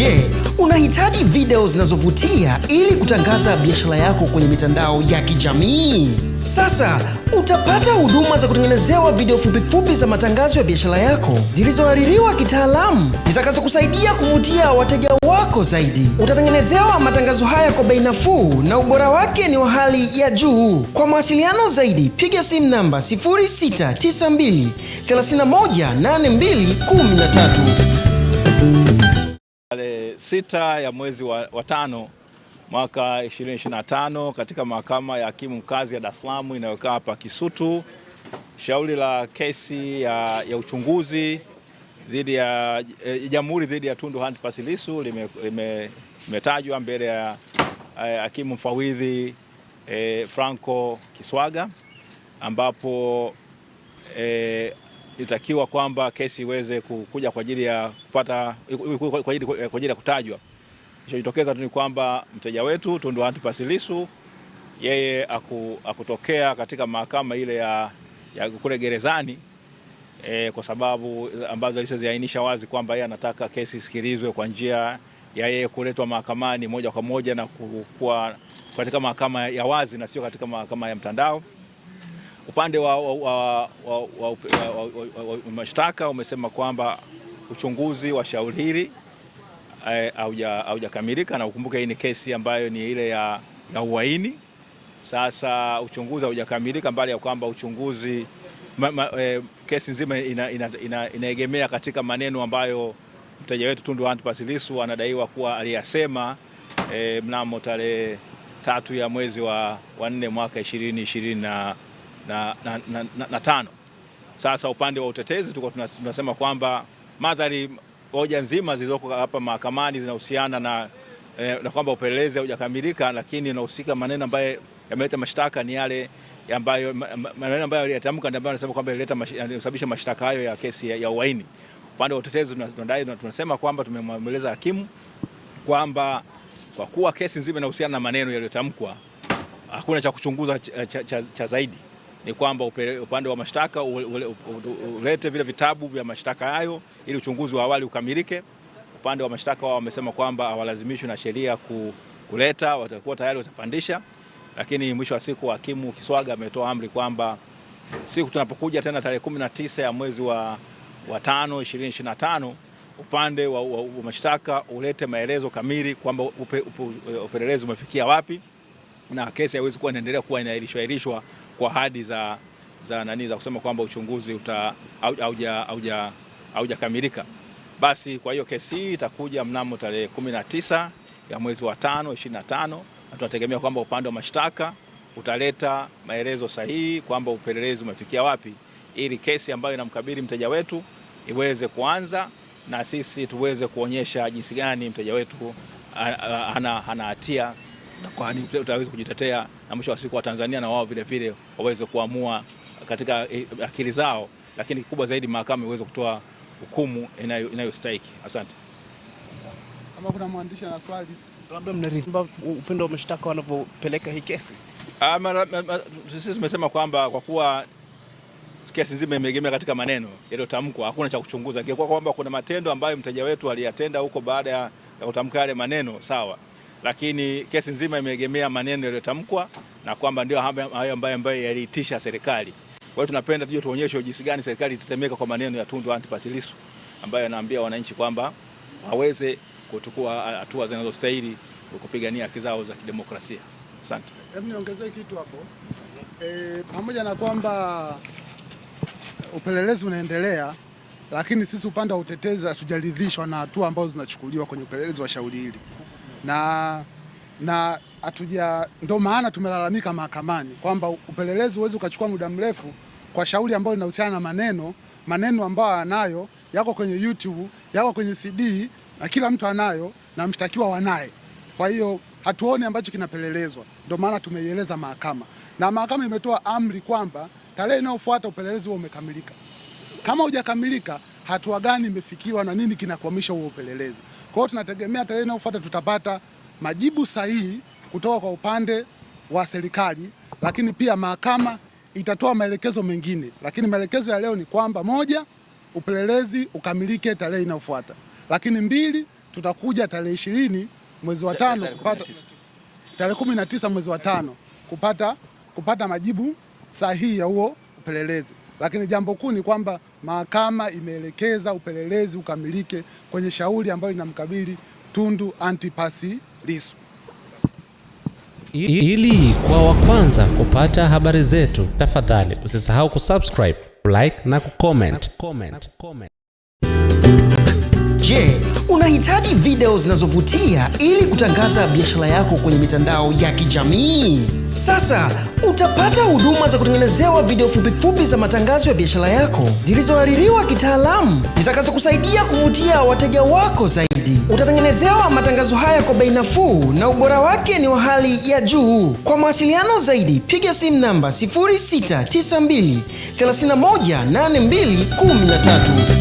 Je, unahitaji video zinazovutia ili kutangaza biashara yako kwenye mitandao ya kijamii? Sasa utapata huduma za kutengenezewa video fupifupi fupi za matangazo ya biashara yako zilizohaririwa kitaalamu zitakazokusaidia kuvutia wateja wako zaidi. Utatengenezewa matangazo haya kwa bei nafuu na ubora wake ni wa hali ya juu. Kwa mawasiliano zaidi, piga simu namba 0692 sita ya mwezi wa, wa tano mwaka 2025 katika mahakama ya hakimu mkazi ya Dar es Salaam inayokaa hapa Kisutu, shauri la kesi ya, ya uchunguzi dhidi ya e, jamhuri dhidi ya Tundu Antipas Lissu limetajwa lime, mbele ya eh, hakimu mfawidhi e, Franco Kiswaga ambapo e, ilitakiwa kwamba kesi iweze kuja kwa ajili ya kupata kwa ajili ya kutajwa. Kilichojitokeza tu ni kwamba mteja wetu Tundu Antipas Lissu yeye aku, akutokea katika mahakama ile ya, ya kule gerezani e, kwa sababu ambazo alizoziainisha wazi kwamba yeye anataka kesi isikilizwe kwa njia ya yeye kuletwa mahakamani moja kwa moja na kuwa katika mahakama ya wazi na sio katika mahakama ya mtandao. Upande wa, wa, wa, wa, wa, wa, wa mashtaka umesema kwamba uchunguzi wa shauri hili haujakamilika, na ukumbuke hii ni kesi ambayo ni ile ya, ya uhaini. Sasa uchunguzi haujakamilika, mbali ya kwamba uchunguzi ma, ma, e, kesi nzima inaegemea ina, ina, ina katika maneno ambayo mteja wetu Tundu Antipas Lissu anadaiwa kuwa aliyasema e, mnamo tarehe tatu ya mwezi wa, wa nne mwaka ishirini na, na, na, na, na tano. Sasa upande wa utetezi tuko tunasema kwamba madhari hoja nzima zilizoko hapa mahakamani zinahusiana na, eh, na kwamba upelelezi haujakamilika, lakini inahusika maneno ambayo yameleta mashtaka ni yale ambayo maneno ambayo ndio ambayo anasema kwamba ileta kusababisha mashtaka hayo ya kesi ya, ya uhaini. Upande wa utetezi tunadai tunasema kwamba tumemweleza hakimu kwamba kwa kuwa kesi nzima inahusiana na maneno yaliyotamkwa hakuna cha kuchunguza cha, cha, cha, cha zaidi ni kwamba upande wa mashtaka ulete vile vitabu vya mashtaka hayo ili uchunguzi wa awali ukamilike. Upande wa mashtaka wao wamesema kwamba hawalazimishwi na sheria kuleta, watakuwa tayari watapandisha, lakini mwisho wa siku hakimu Kiswaga ametoa amri kwamba siku tunapokuja tena tarehe tisa ya mwezi wa, wa tano 2025 upande wa, wa, wa mashtaka ulete maelezo kamili kwamba upelelezi umefikia wapi na kesi haiwezi kuwa inaendelea kuwa inaahirishwa kwa ahadi za, za, nani za kusema kwamba uchunguzi haujakamilika. Basi kwa hiyo kesi hii itakuja mnamo tarehe 19 ya mwezi wa 5 25, na tunategemea kwamba upande wa mashtaka utaleta maelezo sahihi kwamba upelelezi umefikia wapi, ili kesi ambayo inamkabili mteja wetu iweze kuanza na sisi tuweze kuonyesha jinsi gani mteja wetu ana hatia kwani utaweza kujitetea na mwisho wa siku wa Tanzania na wao vile vile waweze kuamua katika eh, akili zao, lakini kikubwa zaidi mahakama iweze kutoa hukumu inayostahiki. Asante. Kama kuna mwandishi ana swali, labda mnaridhika upendo wa mashtaka wanavyopeleka hii kesi? Ah, sisi tumesema kwamba kwa kuwa kesi nzima imeegemea katika maneno yaliyotamkwa, hakuna cha kuchunguza. Ingekuwa kwamba kuna matendo ambayo mteja wetu aliyatenda huko baada ya kutamka yale maneno, sawa lakini kesi nzima imeegemea maneno yaliyotamkwa na kwamba ndio hayo ambayo ambayo yaliitisha serikali. Kwa hiyo tunapenda tuje tuonyeshe jinsi gani serikali itatemeka kwa maneno ya Tundu Antipas Lissu ambayo anaambia wananchi kwamba waweze kuchukua hatua zinazostahili kupigania haki zao za kidemokrasia. Asante. Hebu niongezee kitu hapo. E, pamoja na kwamba upelelezi unaendelea, lakini sisi upande wa utetezi hatujaridhishwa na hatua ambazo zinachukuliwa kwenye upelelezi wa shauri hili na na hatuja, ndo maana tumelalamika mahakamani kwamba upelelezi huwezi ukachukua muda mrefu kwa shauri ambayo linahusiana na maneno maneno ambayo anayo yako kwenye YouTube, yako kwenye CD na kila mtu anayo na mshtakiwa wanaye. Kwa hiyo hatuoni ambacho kinapelelezwa, ndo maana tumeieleza mahakama na mahakama imetoa amri kwamba tarehe inayofuata upelelezi huo umekamilika. Kama hujakamilika, hatua gani imefikiwa na nini kinakwamisha huo upelelezi? Kwa hiyo tunategemea tarehe inayofuata tutapata majibu sahihi kutoka kwa upande wa serikali, lakini pia mahakama itatoa maelekezo mengine, lakini maelekezo ya leo ni kwamba moja, upelelezi ukamilike tarehe inayofuata, lakini mbili, tutakuja tarehe ishirini mwezi wa tano kupata tarehe kumi na tisa mwezi wa tano kupata, kupata majibu sahihi ya huo upelelezi. Lakini jambo kuu ni kwamba mahakama imeelekeza upelelezi ukamilike kwenye shauri ambayo linamkabili Tundu antipasi Lissu. Ili kwa wa kwanza kupata habari zetu, tafadhali usisahau kusubscribe, like na kucomment. Je, unahitaji video zinazovutia ili kutangaza biashara yako kwenye mitandao ya kijamii? Sasa utapata huduma za kutengenezewa video fupifupi fupi za matangazo ya biashara yako zilizohaririwa kitaalamu zitakazokusaidia kuvutia wateja wako zaidi. Utatengenezewa matangazo haya kwa bei nafuu na ubora wake ni wa hali ya juu. Kwa mawasiliano zaidi, piga simu namba 0692